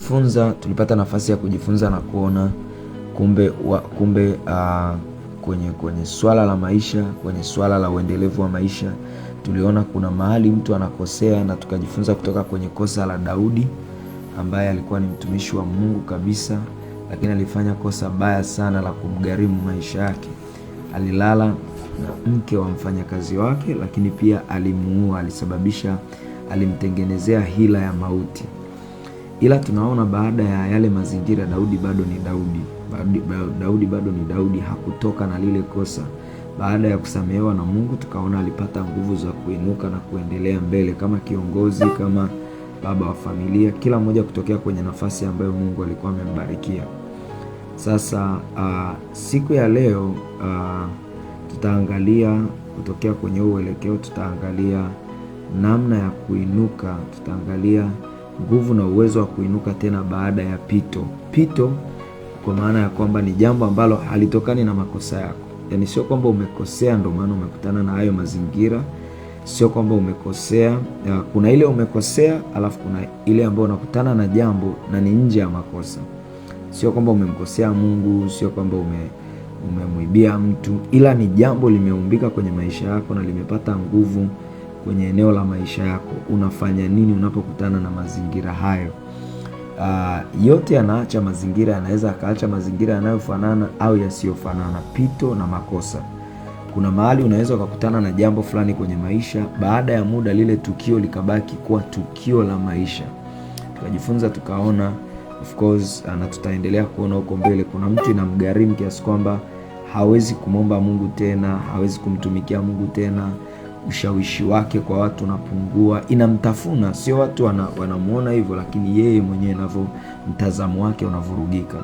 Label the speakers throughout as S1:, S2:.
S1: funza tulipata nafasi ya kujifunza na kuona kumbe, wa, kumbe uh, kwenye, kwenye swala la maisha, kwenye swala la uendelevu wa maisha tuliona kuna mahali mtu anakosea, na tukajifunza kutoka kwenye kosa la Daudi ambaye alikuwa ni mtumishi wa Mungu kabisa, lakini alifanya kosa baya sana la kumgharimu maisha yake. Alilala na mke wa mfanyakazi wake, lakini pia alimuua, alisababisha, alimtengenezea hila ya mauti ila tunaona baada ya yale mazingira, Daudi bado ni Daudi. Daudi, Daudi bado ni Daudi, hakutoka na lile kosa. Baada ya kusamehewa na Mungu, tukaona alipata nguvu za kuinuka na kuendelea mbele kama kiongozi, kama baba wa familia, kila mmoja kutokea kwenye nafasi ambayo Mungu alikuwa amembarikia. Sasa uh, siku ya leo uh, tutaangalia kutokea kwenye uelekeo, tutaangalia namna ya kuinuka, tutaangalia nguvu na uwezo wa kuinuka tena baada ya pito. Pito kwa maana ya kwamba ni jambo ambalo halitokani na makosa yako, yaani sio kwamba umekosea ndio maana umekutana na hayo mazingira, sio kwamba umekosea. Kuna ile umekosea, alafu kuna ile ambayo unakutana na jambo na ni nje ya makosa. Sio kwamba umemkosea Mungu, sio kwamba ume umemwibia mtu, ila ni jambo limeumbika kwenye maisha yako na limepata nguvu kwenye eneo la maisha yako, unafanya nini unapokutana na mazingira hayo? Uh, yote yanaacha mazingira, yanaweza akaacha mazingira yanayofanana au yasiyofanana, pito na makosa. Kuna mahali unaweza ukakutana na jambo fulani kwenye maisha, baada ya muda lile tukio likabaki kuwa tukio la maisha, tukajifunza tukaona, of course, ah, na tutaendelea kuona huko mbele. Kuna mtu inamgharimu kiasi kwamba hawezi kumwomba Mungu tena, hawezi kumtumikia Mungu tena ushawishi wake kwa watu unapungua, inamtafuna. Sio watu wanamwona hivyo, lakini yeye mwenyewe navyo mtazamo wake unavurugika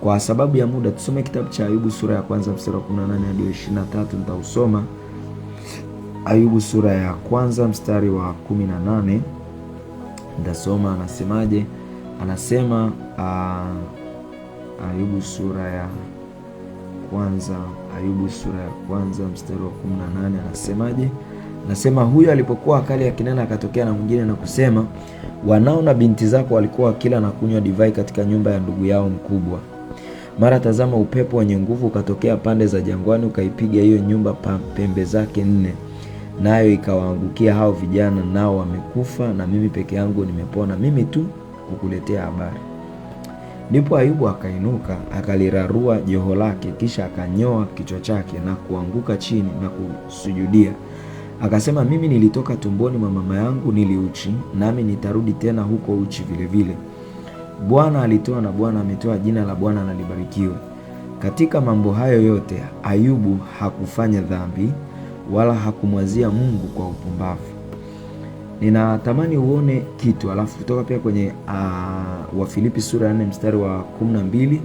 S1: kwa sababu ya muda. Tusome kitabu cha Ayubu sura ya kwanza mstari wa 18 hadi 23, nitausoma. Ayubu sura ya kwanza mstari wa 18 ndasoma anasemaje? Anasema uh, Ayubu sura ya kwanza Ayubu sura ya kwanza mstari wa 18 anasemaje? anasema huyo alipokuwa akali akinena, akatokea na mwingine na kusema, wanao na binti zako walikuwa wakila na kunywa divai katika nyumba ya ndugu yao mkubwa. Mara tazama, upepo wenye nguvu ukatokea pande za jangwani, ukaipiga hiyo nyumba pembe zake nne, nayo ikawaangukia hao vijana, nao wamekufa, na mimi peke yangu nimepona, mimi tu kukuletea habari. Ndipo Ayubu akainuka akalirarua joho lake, kisha akanyoa kichwa chake na kuanguka chini na kusujudia. Akasema, mimi nilitoka tumboni mwa mama yangu nili uchi, nami nitarudi tena huko uchi vilevile. Bwana alitoa na Bwana ametoa, jina la Bwana na libarikiwe. Katika mambo hayo yote Ayubu hakufanya dhambi, wala hakumwazia Mungu kwa upumbavu ninatamani uone kitu, alafu kutoka pia kwenye uh, ah, Wafilipi sura ya 4 mstari wa 12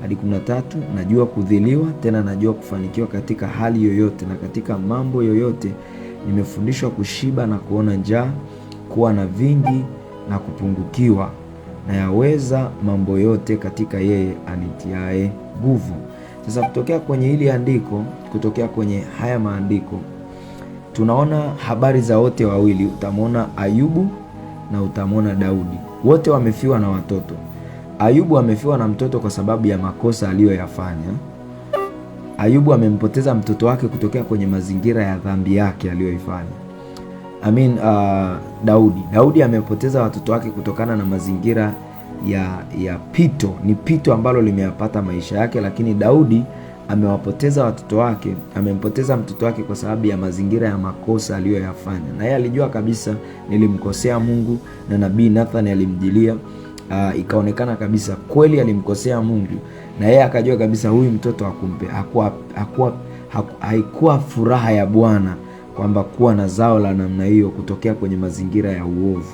S1: hadi 13, najua kudhiliwa tena najua kufanikiwa katika hali yoyote na katika mambo yoyote, nimefundishwa kushiba na kuona njaa, kuwa na vingi na kupungukiwa, na yaweza mambo yote katika yeye anitiae nguvu. Sasa kutokea kwenye hili andiko, kutokea kwenye haya maandiko tunaona habari za wote wawili, utamwona Ayubu na utamwona Daudi, wote wamefiwa na watoto. Ayubu amefiwa na mtoto kwa sababu ya makosa aliyoyafanya. Ayubu amempoteza mtoto wake kutokea kwenye mazingira ya dhambi yake aliyoifanya. I mean, uh, Daudi Daudi amepoteza watoto wake kutokana na mazingira ya, ya pito. Ni pito ambalo limeyapata maisha yake, lakini Daudi amewapoteza watoto wake, amempoteza mtoto wake kwa sababu ya mazingira ya makosa aliyoyafanya, na yeye alijua kabisa nilimkosea Mungu, na nabii Nathan alimjilia Uh, ikaonekana kabisa kweli alimkosea Mungu na yeye akajua kabisa huyu mtoto akumpe hakuwa, haikuwa furaha ya Bwana kwamba kuwa na zao la namna hiyo kutokea kwenye mazingira ya uovu.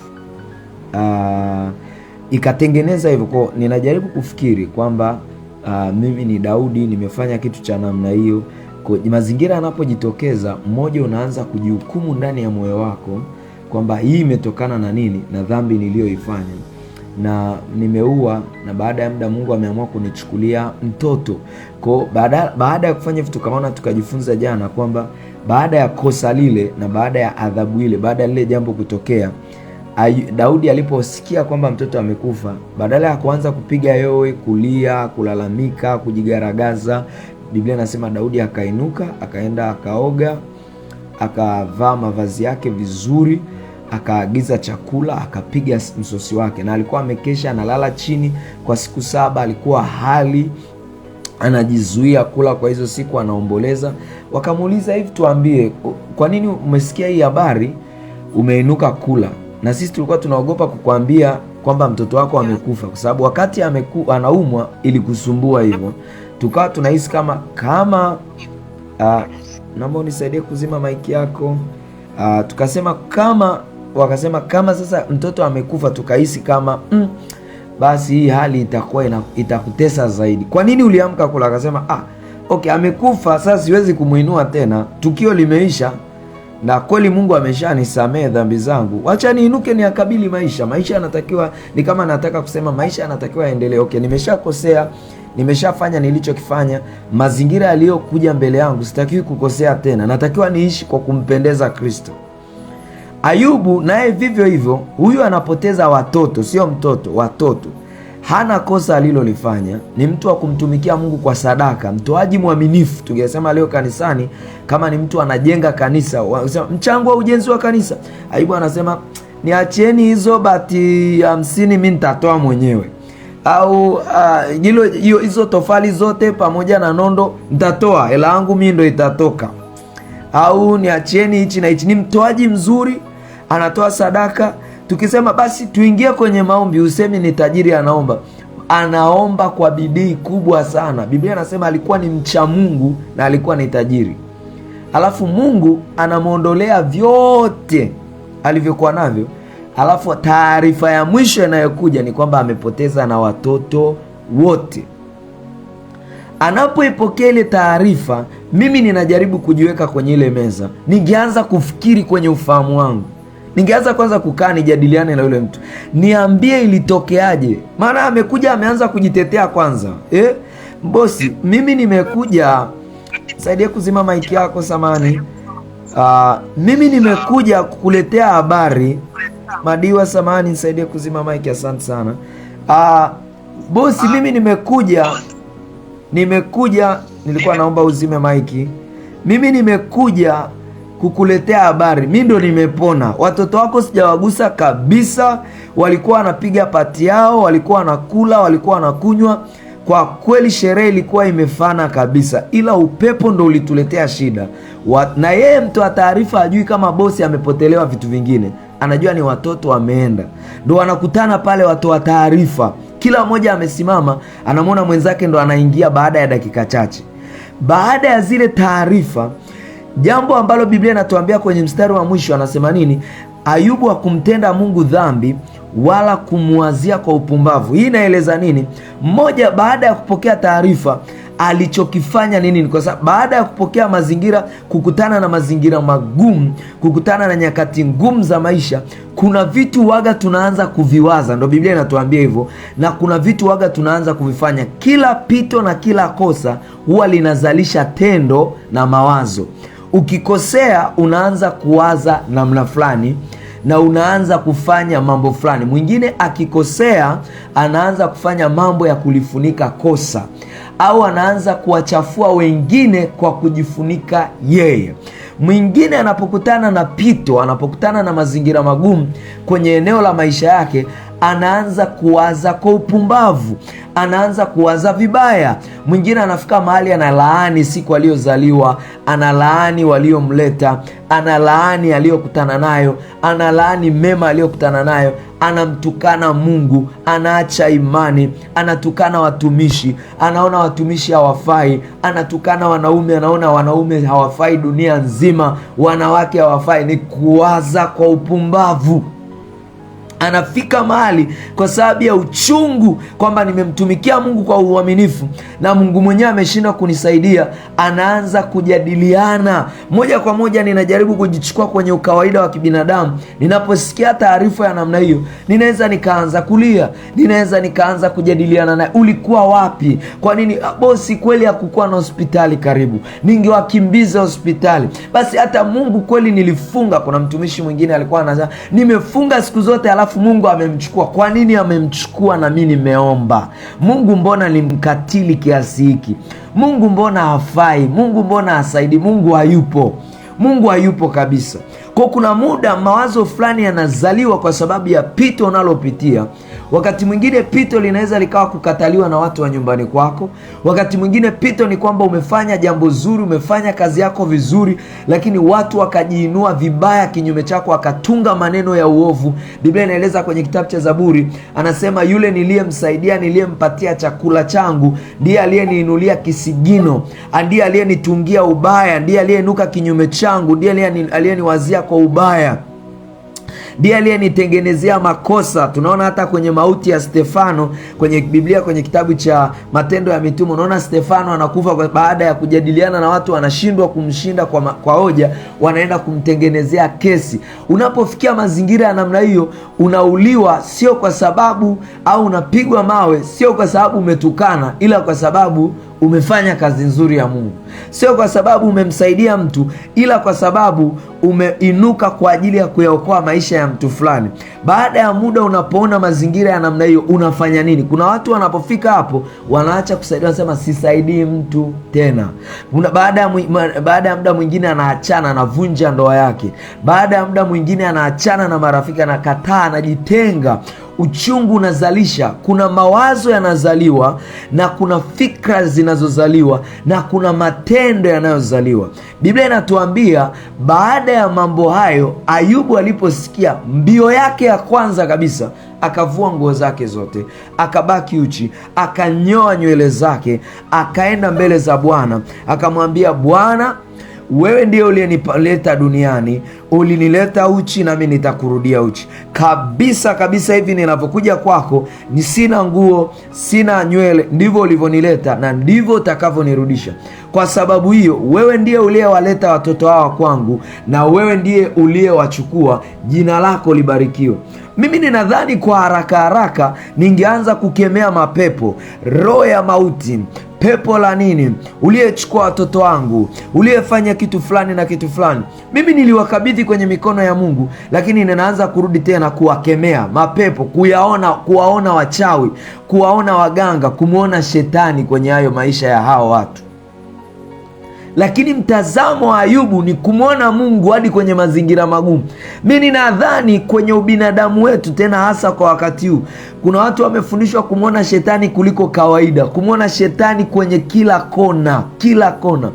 S1: Uh, ikatengeneza hivyo. Ninajaribu kufikiri kwamba uh, mimi ni Daudi nimefanya kitu cha namna hiyo. Mazingira yanapojitokeza, mmoja, unaanza kujihukumu ndani ya moyo wako kwamba hii imetokana na nini, na dhambi niliyoifanya na nimeua, na baada ya muda Mungu ameamua kunichukulia mtoto. Kwa baada, baada ya kufanya vitu tukaona tukajifunza jana kwamba baada ya kosa lile na baada ya adhabu ile, baada ya lile jambo kutokea Daudi aliposikia kwamba mtoto amekufa, badala ya kuanza kupiga yowe, kulia, kulalamika, kujigaragaza, Biblia inasema Daudi akainuka, akaenda akaoga, akavaa mavazi yake vizuri, akaagiza chakula, akapiga msosi wake, na alikuwa amekesha analala chini kwa siku saba, alikuwa hali anajizuia kula kwa hizo siku, anaomboleza. Wakamuuliza, hivi tuambie, kwa nini umesikia hii habari umeinuka kula? na sisi tulikuwa tunaogopa kukwambia kwamba mtoto wako amekufa, kwa sababu wakati ameku, anaumwa ilikusumbua hivyo, tukawa tunahisi kama kama uh, naomba unisaidie kuzima maiki yako uh, tukasema kama wakasema kama sasa mtoto amekufa, tukahisi kama mm, basi hii hali itakuwa itakutesa zaidi. Kwa nini uliamka kula? Akasema ah, okay, amekufa sasa, siwezi kumwinua tena, tukio limeisha na kweli Mungu ameshanisamehe dhambi zangu, wacha niinuke niakabili maisha. Maisha yanatakiwa ni kama nataka kusema maisha yanatakiwa yaendelee. Okay, nimeshakosea, nimeshafanya nilichokifanya, mazingira yaliyokuja mbele yangu, sitakiwi kukosea tena, natakiwa niishi kwa kumpendeza Kristo. Ayubu naye vivyo hivyo, huyu anapoteza watoto, sio mtoto, watoto hana kosa alilolifanya, ni mtu wa kumtumikia Mungu kwa sadaka, mtoaji mwaminifu. Tungesema leo kanisani kama ni mtu anajenga kanisa, mchango wa ujenzi wa kanisa. Ayubu anasema niachieni hizo bati hamsini, mi nitatoa mwenyewe, au ah, hilo uh, hizo tofali zote pamoja na nondo nitatoa, hela yangu mi ndo itatoka, au niachieni hichi na hichi. Ni mtoaji mzuri, anatoa sadaka Tukisema basi tuingie kwenye maombi, usemi ni tajiri anaomba. Anaomba kwa bidii kubwa sana. Biblia anasema alikuwa ni mcha Mungu na alikuwa ni tajiri, alafu Mungu anamwondolea vyote alivyokuwa navyo, alafu taarifa ya mwisho inayokuja ni kwamba amepoteza na watoto wote. Anapoipokea ile taarifa, mimi ninajaribu kujiweka kwenye ile meza, ningeanza kufikiri kwenye ufahamu wangu Ningeanza kwanza kukaa nijadiliane na yule mtu, niambie ilitokeaje, maana amekuja ameanza kujitetea kwanza. Eh, bosi, mimi nimekuja, saidia kuzima maiki yako samani. Uh, mimi nimekuja kukuletea habari Madiwa, samani, nisaidie kuzima maiki, asante sana. Uh, bosi, mimi nimekuja nimekuja, nilikuwa naomba uzime maiki. Mimi nimekuja kukuletea habari. Mi ndo nimepona, watoto wako sijawagusa kabisa. Walikuwa wanapiga pati yao, walikuwa wanakula, walikuwa wanakunywa. Kwa kweli sherehe ilikuwa imefana kabisa, ila upepo ndo ulituletea shida. Wat, na yeye mtoa taarifa ajui kama bosi amepotelewa vitu vingine, anajua ni watoto wameenda, ndo wanakutana pale watoa taarifa, kila mmoja amesimama, anamwona mwenzake, ndo anaingia baada ya dakika chache baada ya zile taarifa jambo ambalo Biblia inatuambia kwenye mstari wa mwisho, anasema nini? Ayubu hakumtenda Mungu dhambi wala kumwazia kwa upumbavu. Hii inaeleza nini? Mmoja baada ya kupokea taarifa alichokifanya nini? Ni kwa sababu baada ya kupokea mazingira, kukutana na mazingira magumu, kukutana na nyakati ngumu za maisha, kuna vitu waga tunaanza kuviwaza, ndo Biblia inatuambia hivyo, na kuna vitu waga tunaanza kuvifanya. Kila pito na kila kosa huwa linazalisha tendo na mawazo. Ukikosea unaanza kuwaza namna fulani na unaanza kufanya mambo fulani. Mwingine akikosea anaanza kufanya mambo ya kulifunika kosa, au anaanza kuwachafua wengine kwa kujifunika yeye. Mwingine anapokutana na pito, anapokutana na mazingira magumu kwenye eneo la maisha yake anaanza kuwaza kwa upumbavu, anaanza kuwaza vibaya. Mwingine anafika mahali analaani siku aliyozaliwa, analaani waliomleta, analaani aliyokutana nayo, analaani mema aliyokutana nayo, anamtukana Mungu, anaacha imani, anatukana watumishi, anaona watumishi hawafai, anatukana wanaume, anaona wanaume hawafai dunia nzima, wanawake hawafai. Ni kuwaza kwa upumbavu anafika mahali kwa sababu ya uchungu kwamba nimemtumikia Mungu kwa uaminifu na Mungu mwenyewe ameshindwa kunisaidia, anaanza kujadiliana moja kwa moja. Ninajaribu kujichukua kwenye ukawaida wa kibinadamu. Ninaposikia taarifa ya namna hiyo, ninaweza nikaanza kulia, ninaweza nikaanza kujadiliana naye, ulikuwa wapi? Kwa nini ah, bosi? Kweli hakukuwa na hospitali karibu, ningewakimbiza hospitali. Basi hata Mungu kweli nilifunga. Kuna mtumishi mwingine alikuwa anasema nimefunga siku zote, alafu alafu Mungu amemchukua. Kwa nini amemchukua na mi nimeomba? Mungu mbona ni mkatili kiasi hiki? Mungu mbona hafai? Mungu mbona hasaidi? Mungu hayupo, Mungu hayupo kabisa. Kwa kuna muda mawazo fulani yanazaliwa kwa sababu ya pito unalopitia. Wakati mwingine pito linaweza likawa kukataliwa na watu wa nyumbani kwako. Wakati mwingine pito ni kwamba umefanya jambo zuri, umefanya kazi yako vizuri, lakini watu wakajiinua vibaya kinyume chako, akatunga maneno ya uovu. Biblia inaeleza kwenye kitabu cha Zaburi, anasema yule niliyemsaidia, niliyempatia chakula changu, ndiye aliyeniinulia kisigino, ndiye aliyenitungia ubaya, ndiye aliyenuka kinyume changu, ndiye aliyeniwazia kwa ubaya ndiye aliyenitengenezea makosa. Tunaona hata kwenye mauti ya Stefano kwenye Biblia, kwenye kitabu cha Matendo ya Mitume, unaona Stefano anakufa baada ya kujadiliana na watu, wanashindwa kumshinda kwa, ma, kwa hoja, wanaenda kumtengenezea kesi. Unapofikia mazingira ya namna hiyo, unauliwa sio kwa sababu au unapigwa mawe sio kwa sababu umetukana, ila kwa sababu umefanya kazi nzuri ya Mungu, sio kwa sababu umemsaidia mtu, ila kwa sababu umeinuka kwa ajili ya kuyaokoa maisha ya mtu fulani. Baada ya muda, unapoona mazingira ya namna hiyo, unafanya nini? Kuna watu wanapofika hapo wanaacha kusaidia, wanasema sisaidii mtu tena. Una, baada ya baada ya muda mwingine anaachana, anavunja ndoa yake. Baada ya muda mwingine anaachana na marafiki, anakataa, anajitenga uchungu unazalisha, kuna mawazo yanazaliwa na kuna fikra zinazozaliwa na kuna matendo yanayozaliwa. Biblia inatuambia baada ya mambo hayo, Ayubu aliposikia mbio yake ya kwanza kabisa akavua nguo zake zote, akabaki uchi, akanyoa nywele zake, akaenda mbele za Bwana akamwambia, Bwana, wewe ndiye uliyenipaleta duniani ulinileta uchi nami nitakurudia uchi kabisa kabisa. Hivi ninavyokuja kwako, ni sina nguo, sina nywele, ndivyo ulivyonileta na ndivyo utakavyonirudisha. Kwa sababu hiyo, wewe ndiye uliyewaleta watoto hawa kwangu, na wewe ndiye uliyewachukua. Jina lako libarikiwe. Mimi ninadhani kwa haraka haraka ningeanza kukemea mapepo, roho ya mauti pepo la nini, uliyechukua watoto wangu, uliyefanya kitu fulani na kitu fulani. Mimi niliwakabidhi hivi kwenye mikono ya Mungu, lakini inaanza kurudi tena kuwakemea mapepo, kuyaona, kuwaona wachawi, kuwaona waganga, kumwona shetani kwenye hayo maisha ya hao watu. Lakini mtazamo wa Ayubu ni kumwona Mungu hadi kwenye mazingira magumu. Mi ninadhani kwenye ubinadamu wetu, tena hasa kwa wakati huu, kuna watu wamefundishwa kumwona shetani kuliko kawaida, kumwona shetani kwenye kila kona, kila kona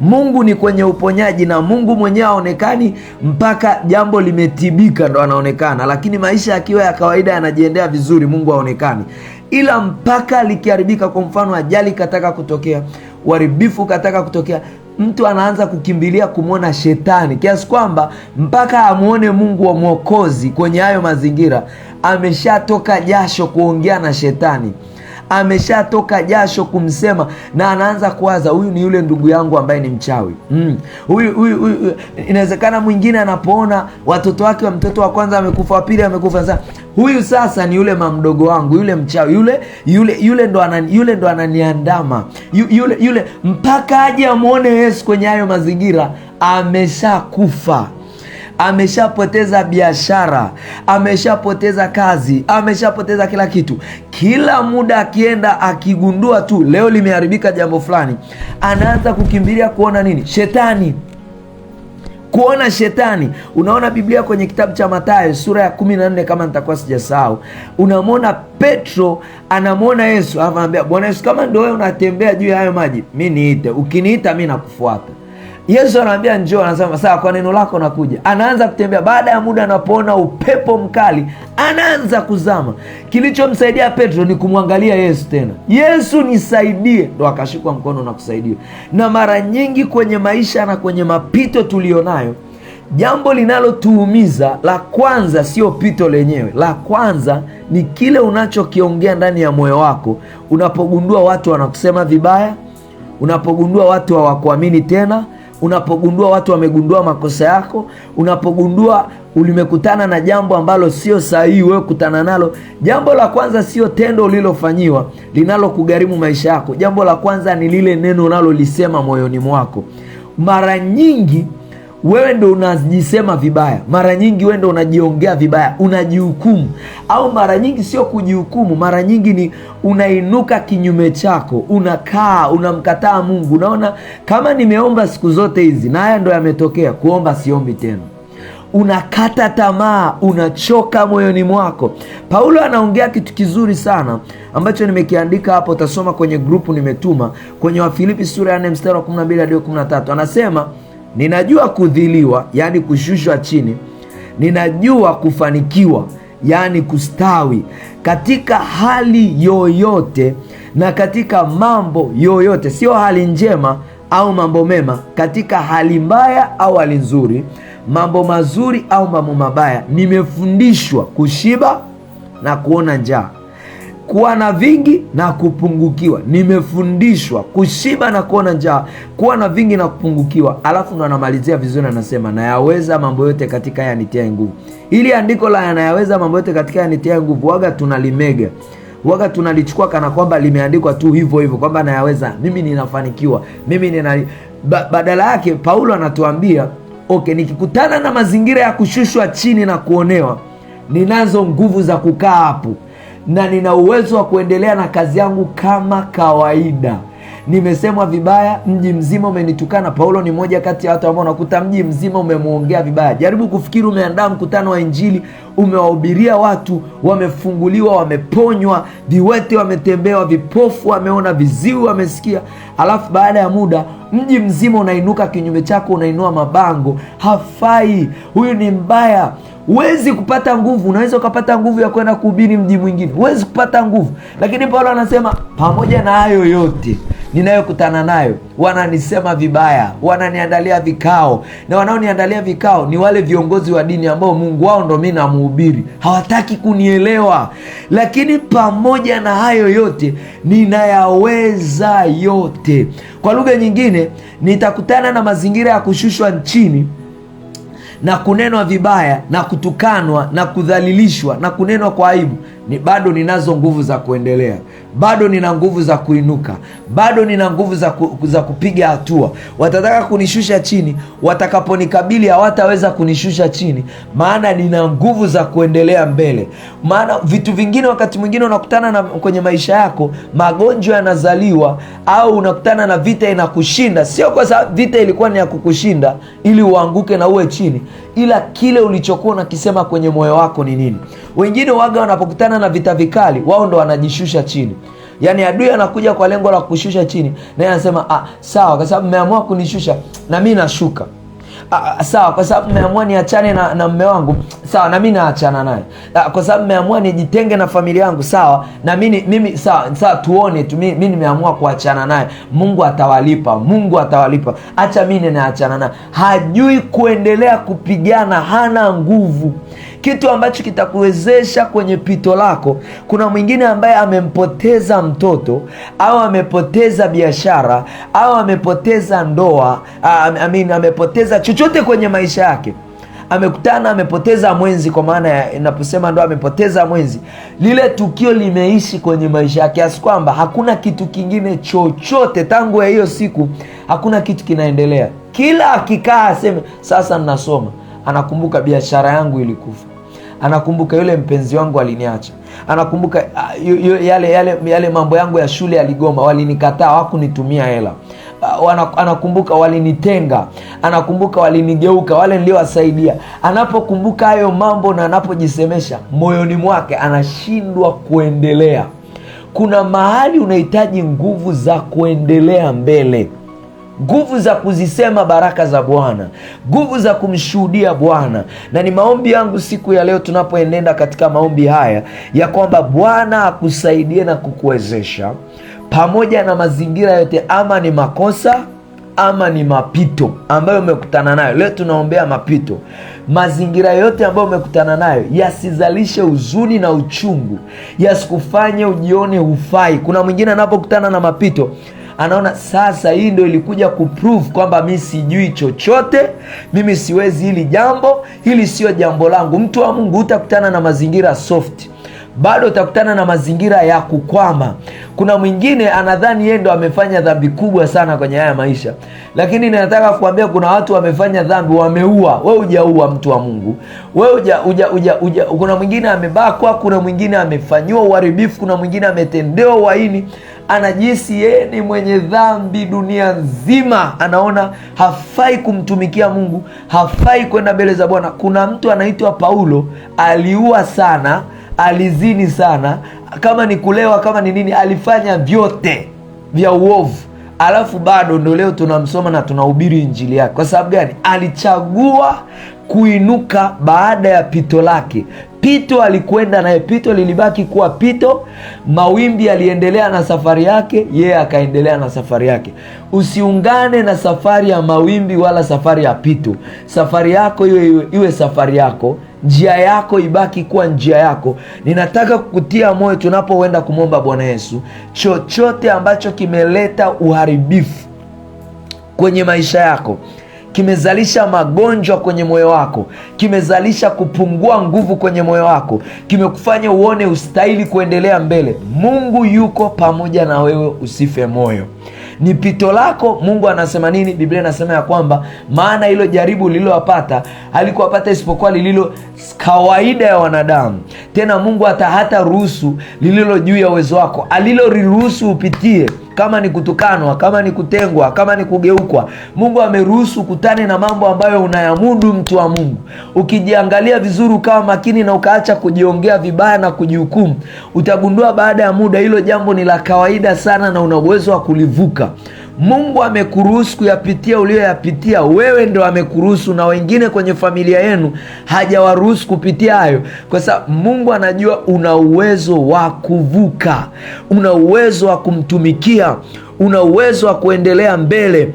S1: Mungu ni kwenye uponyaji na Mungu mwenyewe haonekani mpaka jambo limetibika, ndo anaonekana. Lakini maisha yakiwa ya kawaida yanajiendea vizuri, Mungu haonekani, ila mpaka likiharibika. Kwa mfano, ajali kataka kutokea, uharibifu kataka kutokea, mtu anaanza kukimbilia kumwona shetani, kiasi kwamba mpaka amwone Mungu wa Mwokozi kwenye hayo mazingira, ameshatoka jasho kuongea na shetani ameshatoka jasho kumsema, na anaanza kuwaza huyu ni yule ndugu yangu ambaye ni mchawi mm. huyu, huyu, huyu. Inawezekana mwingine anapoona watoto wake wa mtoto wa kwanza amekufa, wa pili amekufa, sasa huyu sasa ni yule mamdogo wangu yule mchawi yule yule yule ndo anani, yule ndo ananiandama yule, yule mpaka aje amwone Yesu kwenye hayo mazingira ameshakufa ameshapoteza biashara, ameshapoteza kazi, ameshapoteza kila kitu. Kila muda akienda akigundua tu leo limeharibika jambo fulani, anaanza kukimbilia kuona nini? Shetani kuona shetani. Unaona Biblia kwenye kitabu cha Mathayo sura ya 14 kama nitakuwa sijasahau, unamwona Petro anamwona Yesu, anamwambia Bwana Yesu, kama ndio wewe unatembea juu ya hayo maji, mi niite, ukiniita mi nakufuata. Yesu anawambia njoo, anasema sawa, kwa neno lako nakuja. Anaanza kutembea. Baada ya muda, anapoona upepo mkali, anaanza kuzama. Kilichomsaidia Petro ni kumwangalia Yesu tena, Yesu nisaidie, ndo akashikwa mkono na kusaidiwa. Na mara nyingi kwenye maisha na kwenye mapito tuliyonayo, jambo linalotuumiza la kwanza sio pito lenyewe, la kwanza ni kile unachokiongea ndani ya moyo wako, unapogundua watu wanakusema vibaya, unapogundua watu hawakuamini tena unapogundua watu wamegundua makosa yako, unapogundua ulimekutana na jambo ambalo sio sahihi wewe kutana nalo. Jambo la kwanza sio tendo ulilofanyiwa linalokugharimu maisha yako. Jambo la kwanza ni lile neno unalolisema moyoni mwako. Mara nyingi wewe ndo unajisema vibaya, mara nyingi wewe ndo unajiongea vibaya, unajihukumu. Au mara nyingi sio kujihukumu, mara nyingi ni unainuka kinyume chako, unakaa unamkataa Mungu, unaona kama nimeomba siku zote hizi na haya ndo yametokea, kuomba siombi tena unakata tamaa, unachoka moyoni mwako. Paulo anaongea kitu kizuri sana ambacho nimekiandika hapo, utasoma kwenye grupu nimetuma, kwenye Wafilipi sura ya 4 mstari wa 12 hadi 13, anasema ninajua kudhiliwa, yaani kushushwa chini, ninajua kufanikiwa, yaani kustawi katika hali yoyote na katika mambo yoyote, sio hali njema au mambo mema, katika hali mbaya au hali nzuri, mambo mazuri au mambo mabaya. Nimefundishwa kushiba na kuona njaa kuwa na vingi na kupungukiwa. Nimefundishwa kushiba na kuona njaa, kuwa na vingi na kupungukiwa. Alafu ndo anamalizia vizuri, anasema nayaweza mambo yote katika haya nitia nguvu. Hili andiko la yanayaweza mambo yote katika haya nitia nguvu, waga tunalimega waga tunalichukua kana kwamba limeandikwa tu hivyo hivyo, kwamba nayaweza mimi, ninafanikiwa mimi nina ba, badala yake Paulo anatuambia okay, nikikutana na mazingira ya kushushwa chini na kuonewa, ninazo nguvu za kukaa hapo na nina uwezo wa kuendelea na kazi yangu kama kawaida. Nimesemwa vibaya, mji mzima umenitukana. Paulo ni moja kati ya watu ambao unakuta mji mzima umemwongea vibaya. Jaribu kufikiri, umeandaa mkutano wa Injili, umewahubiria watu, wamefunguliwa, wameponywa, viwete wametembewa, vipofu wameona, viziwi wamesikia, alafu baada ya muda mji mzima unainuka kinyume chako, unainua mabango, hafai, huyu ni mbaya Huwezi kupata nguvu, unaweza ukapata nguvu ya kwenda kuhubiri mji mwingine, huwezi kupata nguvu. Lakini Paulo anasema pamoja na hayo yote ninayokutana nayo, wananisema vibaya, wananiandalia vikao, na wanaoniandalia vikao ni wale viongozi wa dini ambao Mungu wao ndo mi namhubiri, hawataki kunielewa. Lakini pamoja na hayo yote ninayaweza yote. Kwa lugha nyingine, nitakutana na mazingira ya kushushwa nchini na kunenwa vibaya na kutukanwa na kudhalilishwa na kunenwa kwa aibu ni bado ninazo nguvu za kuendelea, bado nina nguvu za kuinuka, bado nina nguvu za, ku, za kupiga hatua. Watataka kunishusha chini, watakaponikabili hawataweza kunishusha chini, maana nina nguvu za kuendelea mbele. Maana vitu vingine wakati mwingine unakutana na kwenye maisha yako, magonjwa yanazaliwa, au unakutana na vita inakushinda, sio kwa sababu vita ilikuwa ni ya kukushinda ili uanguke na uwe chini ila kile ulichokuwa unakisema kwenye moyo wako ni nini. Wengine waga wanapokutana na vita vikali, wao ndo wanajishusha chini Yaani adui anakuja kwa lengo la kushusha chini, naye anasema ah, sawa, kwa sababu mmeamua kunishusha na mimi nashuka. Ah, ah, sawa, kwa sababu mmeamua niachane na, na mme wangu sawa, na mimi naachana naye, ah, kwa sababu mmeamua nijitenge na familia yangu sawa, na mimi mimi sawa sawa, tuone tu, mimi nimeamua kuachana naye. Mungu atawalipa, Mungu atawalipa, acha mimi ninaachana naye. Hajui kuendelea kupigana, hana nguvu kitu ambacho kitakuwezesha kwenye pito lako. Kuna mwingine ambaye amempoteza mtoto au amepoteza biashara au amepoteza ndoa, I mean, amepoteza chochote kwenye maisha yake amekutana amepoteza mwenzi, kwa maana inaposema ndo amepoteza mwenzi, lile tukio limeishi kwenye maisha yake, kiasi kwamba hakuna kitu kingine chochote tangu ya hiyo siku, hakuna kitu kinaendelea. Kila akikaa aseme sasa nnasoma anakumbuka biashara yangu ilikufa, anakumbuka yule mpenzi wangu aliniacha, anakumbuka ah, yale yale yale mambo yangu ya shule yaligoma, walinikataa, hawakunitumia hela ah, anakumbuka walinitenga, anakumbuka walinigeuka, wale niliowasaidia. Anapokumbuka hayo mambo na anapojisemesha moyoni mwake, anashindwa kuendelea. Kuna mahali unahitaji nguvu za kuendelea mbele nguvu za kuzisema baraka za Bwana, nguvu za kumshuhudia Bwana. Na ni maombi yangu siku ya leo tunapoendenda katika maombi haya ya kwamba Bwana akusaidie na kukuwezesha pamoja na mazingira yote, ama ni makosa ama ni mapito ambayo umekutana nayo leo. Tunaombea mapito, mazingira yote ambayo umekutana nayo yasizalishe huzuni na uchungu, yasikufanye ujione hufai. Kuna mwingine anapokutana na mapito anaona sasa hii ndio ilikuja kuprove kwamba mi sijui chochote, mimi siwezi hili jambo, hili sio jambo langu. Mtu wa Mungu, utakutana na mazingira soft bado utakutana na mazingira ya kukwama. Kuna mwingine anadhani yeye ndo amefanya dhambi kubwa sana kwenye haya maisha, lakini ninataka kuambia kuna watu wamefanya dhambi, wameua. We hujaua, mtu wa Mungu, we uja, uja, uja, uja. Kuna mwingine amebakwa, kuna mwingine amefanyiwa uharibifu, kuna mwingine ametendewa uhaini, anajisi yeye ni mwenye dhambi dunia nzima, anaona hafai kumtumikia Mungu, hafai kwenda mbele za Bwana. Kuna mtu anaitwa Paulo, aliua sana, alizini sana, kama ni kulewa, kama ni nini, alifanya vyote vya uovu, alafu bado ndo leo tunamsoma na tunahubiri injili yake. Kwa sababu gani? Alichagua kuinuka baada ya pito lake, Pito alikwenda naye, Pito lilibaki kuwa Pito. Mawimbi aliendelea na safari yake, yeye yeah, akaendelea na safari yake. Usiungane na safari ya mawimbi wala safari ya Pito. Safari yako iwe, iwe safari yako, njia yako ibaki kuwa njia yako. Ninataka kukutia moyo tunapoenda kumwomba Bwana Yesu, chochote ambacho kimeleta uharibifu kwenye maisha yako kimezalisha magonjwa kwenye moyo wako, kimezalisha kupungua nguvu kwenye moyo wako, kimekufanya uone ustahili kuendelea mbele. Mungu yuko pamoja na wewe, usife moyo. Ni pito lako. Mungu anasema nini? Biblia inasema ya kwamba maana hilo jaribu lililowapata halikuwapata isipokuwa lililo kawaida ya wanadamu. Tena Mungu hata hata ruhusu lililo juu ya uwezo wako, aliloliruhusu upitie kama ni kutukanwa, kama ni kutengwa, kama ni kugeukwa. Mungu ameruhusu kutane na mambo ambayo unayamudu, mtu wa Mungu. Ukijiangalia vizuri, ukawa makini na ukaacha kujiongea vibaya na kujihukumu, utagundua baada ya muda hilo jambo ni la kawaida sana na una uwezo wa kulivuka. Mungu amekuruhusu kuyapitia uliyoyapitia wewe, ndo amekuruhusu na wengine kwenye familia yenu hajawaruhusu kupitia hayo, kwa sababu Mungu anajua una uwezo wa kuvuka, una uwezo wa kumtumikia, una uwezo wa kuendelea mbele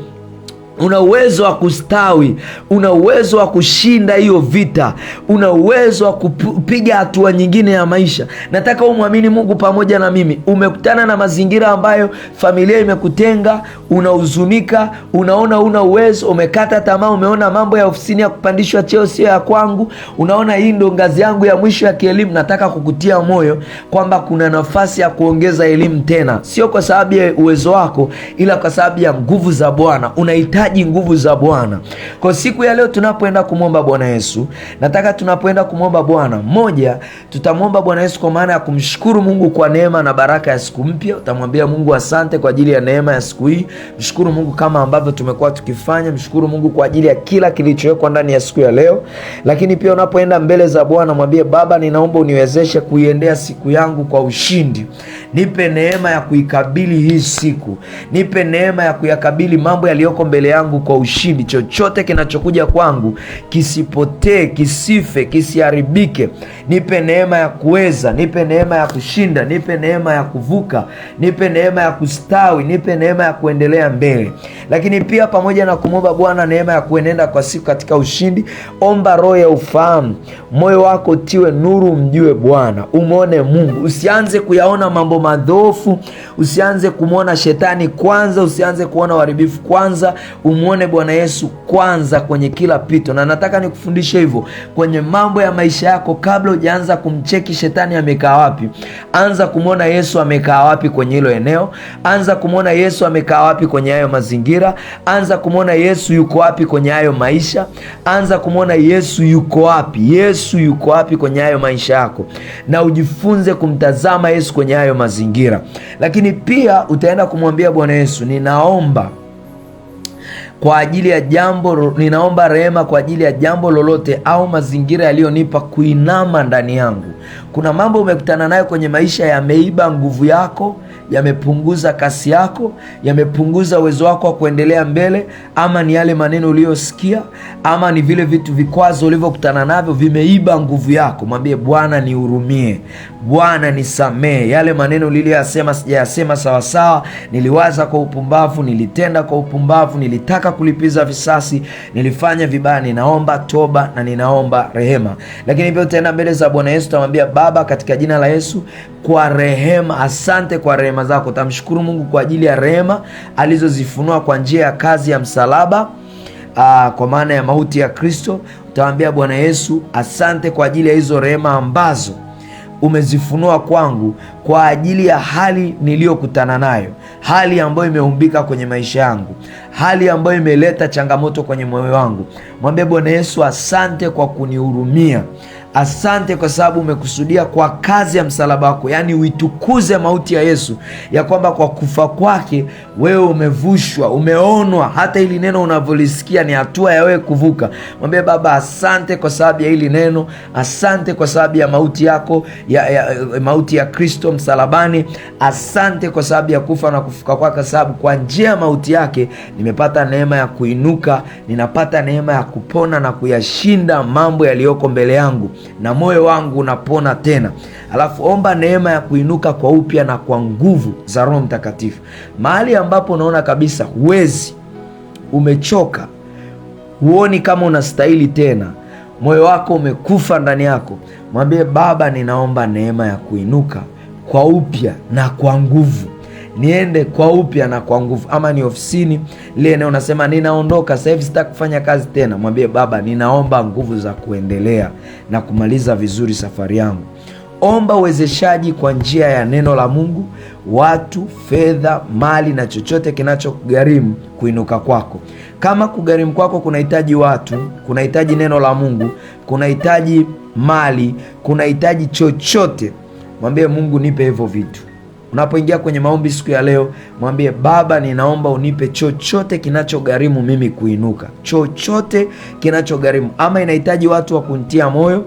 S1: una uwezo wa kustawi, una uwezo wa kushinda hiyo vita, una uwezo wa kupiga hatua nyingine ya maisha. Nataka umwamini Mungu pamoja na mimi. Umekutana na mazingira ambayo familia imekutenga, unahuzunika, unaona una uwezo, umekata tamaa, umeona mambo ya ofisini ya kupandishwa cheo sio ya kwangu, unaona hii ndo ngazi yangu ya mwisho ya kielimu. Nataka kukutia moyo kwamba kuna nafasi ya kuongeza elimu tena, sio kwa sababu ya uwezo wako, ila kwa sababu ya nguvu za Bwana. Unahitaji tunahitaji nguvu za Bwana. Kwa siku ya leo tunapoenda kumwomba Bwana Yesu, nataka tunapoenda kumwomba Bwana, moja, tutamwomba Bwana Yesu kwa maana ya kumshukuru Mungu kwa neema na baraka ya siku mpya. Utamwambia Mungu asante kwa ajili ya neema ya siku hii. Mshukuru Mungu kama ambavyo tumekuwa tukifanya. Mshukuru Mungu kwa ajili ya kila kilichowekwa ndani ya siku ya leo. Lakini pia unapoenda mbele za Bwana, mwambie Baba, ninaomba uniwezeshe kuiendea siku yangu kwa ushindi. Nipe neema ya kuikabili hii siku, nipe neema ya kuyakabili mambo yaliyoko mbele yangu kwa ushindi. Chochote kinachokuja kwangu kisipotee, kisife, kisiharibike. Nipe neema ya kuweza, nipe neema ya kushinda, nipe neema ya kuvuka, nipe neema ya kustawi, nipe neema ya kuendelea mbele. Lakini pia pamoja na kumwomba Bwana neema ya kuenenda kwa siku katika ushindi, omba roho ya ufahamu, moyo wako tiwe nuru, mjue Bwana, umwone Mungu. Usianze kuyaona mambo madhoofu, usianze kumwona shetani kwanza, usianze kuona uharibifu kwanza, umwone Bwana Yesu kwanza kwenye kila pito, na nataka nikufundishe hivyo kwenye mambo ya maisha yako. Kabla hujaanza kumcheki shetani amekaa wapi, anza kumwona Yesu amekaa wapi kwenye hilo eneo, anza kumwona Yesu amekaa wapi kwenye hayo mazingira, anza kumwona Yesu yuko wapi kwenye hayo maisha, anza kumwona Yesu yuko wapi, Yesu yuko wapi kwenye hayo maisha yako, na ujifunze kumtazama Yesu kwenye hayo mazingira. Lakini pia utaenda kumwambia Bwana Yesu, ninaomba kwa ajili ya jambo, ninaomba rehema kwa ajili ya jambo lolote au mazingira yaliyonipa kuinama ndani yangu. Kuna mambo umekutana nayo kwenye maisha, yameiba nguvu yako yamepunguza kasi yako, yamepunguza uwezo wako wa kuendelea mbele, ama ni yale maneno uliyosikia, ama ni vile vitu, vikwazo ulivyokutana navyo vimeiba nguvu yako. Mwambie Bwana nihurumie, Bwana nisamehe, yale maneno niliyoyasema sijayasema sawasawa, niliwaza kwa upumbavu, nilitenda kwa upumbavu, nilitaka kulipiza visasi, nilifanya vibaya. Ninaomba toba na ninaomba rehema. Lakini pia utaenda mbele za Bwana Yesu, utamwambia Baba, katika jina la Yesu, kwa rehema, asante kwa rehema rehema zako. Tamshukuru Mungu kwa ajili ya rehema alizozifunua kwa njia ya kazi ya msalaba aa, ah, kwa maana ya mauti ya Kristo. utawambia Bwana Yesu, asante kwa ajili ya hizo rehema ambazo umezifunua kwangu kwa ajili ya hali niliyokutana nayo, hali ambayo imeumbika kwenye maisha yangu, hali ambayo imeleta changamoto kwenye moyo wangu. Mwambie Bwana Yesu, asante kwa kunihurumia, Asante kwa sababu umekusudia kwa kazi ya msalaba wako, yaani uitukuze mauti ya Yesu, ya kwamba kwa kufa kwake wewe umevushwa, umeonwa. Hata hili neno unavyolisikia ni hatua ya wewe kuvuka. Mwambie Baba, asante kwa sababu ya hili neno, asante kwa sababu ya mauti yako ya, ya, ya, mauti ya Kristo msalabani. Asante kwa sababu ya kufa na kufuka kwake, sababu kwa njia ya mauti yake nimepata neema ya kuinuka, ninapata neema ya kupona na kuyashinda mambo yaliyoko mbele yangu na moyo wangu unapona tena. Alafu omba neema ya kuinuka kwa upya na kwa nguvu za Roho Mtakatifu. Mahali ambapo unaona kabisa huwezi, umechoka, huoni kama unastahili tena, moyo wako umekufa ndani yako, mwambie Baba, ninaomba neema ya kuinuka kwa upya na kwa nguvu niende kwa upya na kwa nguvu, ama ni ofisini lile eneo unasema ninaondoka sasa hivi, sitaki kufanya kazi tena, mwambie Baba, ninaomba nguvu za kuendelea na kumaliza vizuri safari yangu. Omba uwezeshaji kwa njia ya neno la Mungu, watu, fedha, mali na chochote kinachokugharimu kuinuka kwako. Kama kugharimu kwako kunahitaji watu, kunahitaji neno la Mungu, kunahitaji mali, kunahitaji chochote, mwambie Mungu, nipe hivyo vitu. Unapoingia kwenye maombi siku ya leo, mwambie Baba, ninaomba unipe chochote kinachogharimu mimi kuinuka, chochote kinachogharimu. Ama inahitaji watu wa kunitia moyo,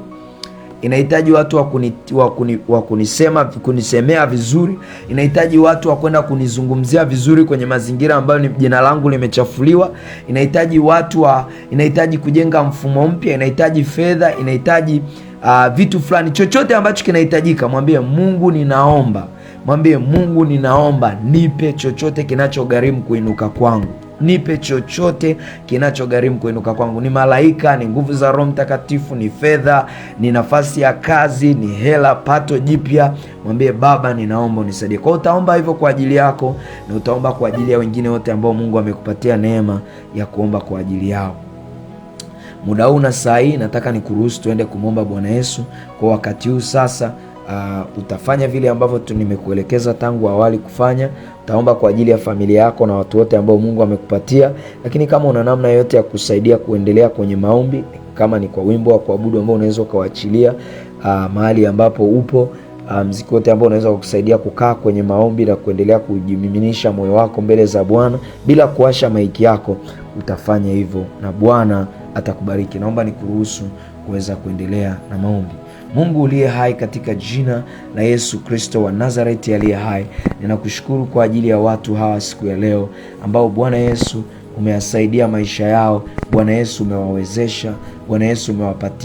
S1: inahitaji watu wa kuni, wa kuni, wa kunisema kunisemea vizuri, inahitaji watu wa kwenda kunizungumzia vizuri kwenye mazingira ambayo jina langu limechafuliwa, inahitaji watu wa, inahitaji kujenga mfumo mpya, inahitaji fedha, inahitaji uh, vitu fulani, chochote ambacho kinahitajika, mwambie Mungu, ninaomba mwambie Mungu, ninaomba nipe chochote kinachogharimu kuinuka kwangu nipe chochote kinachogharimu kuinuka kwangu. Ni malaika, ni nguvu za Roho Mtakatifu, ni fedha, ni nafasi ya kazi, ni hela, pato jipya. Mwambie Baba, ninaomba unisaidie. Kwa utaomba hivyo kwa ajili yako na utaomba kwa ajili ya wengine wote ambao Mungu amekupatia neema ya kuomba kwa ajili yao. Muda huu na saa hii nataka nikuruhusu tuende kumwomba Bwana Yesu kwa wakati huu sasa uh, utafanya vile ambavyo tu nimekuelekeza tangu awali kufanya. Utaomba kwa ajili ya familia yako na watu wote ambao Mungu amekupatia, lakini kama una namna yoyote ya kusaidia kuendelea kwenye maombi, kama ni kwa wimbo wa kuabudu ambao unaweza ukawaachilia uh, mahali ambapo upo uh, mziki wote ambao unaweza kukusaidia kukaa kwenye maombi na kuendelea kujimiminisha moyo wako mbele za Bwana bila kuwasha maiki yako, utafanya hivyo na Bwana atakubariki. Naomba nikuruhusu kuweza kuendelea na maombi. Mungu uliye hai, katika jina la Yesu Kristo wa Nazareti aliye hai, ninakushukuru kwa ajili ya watu hawa siku ya leo ambao Bwana Yesu umeyasaidia maisha yao. Bwana Yesu umewawezesha. Bwana Yesu umewapatia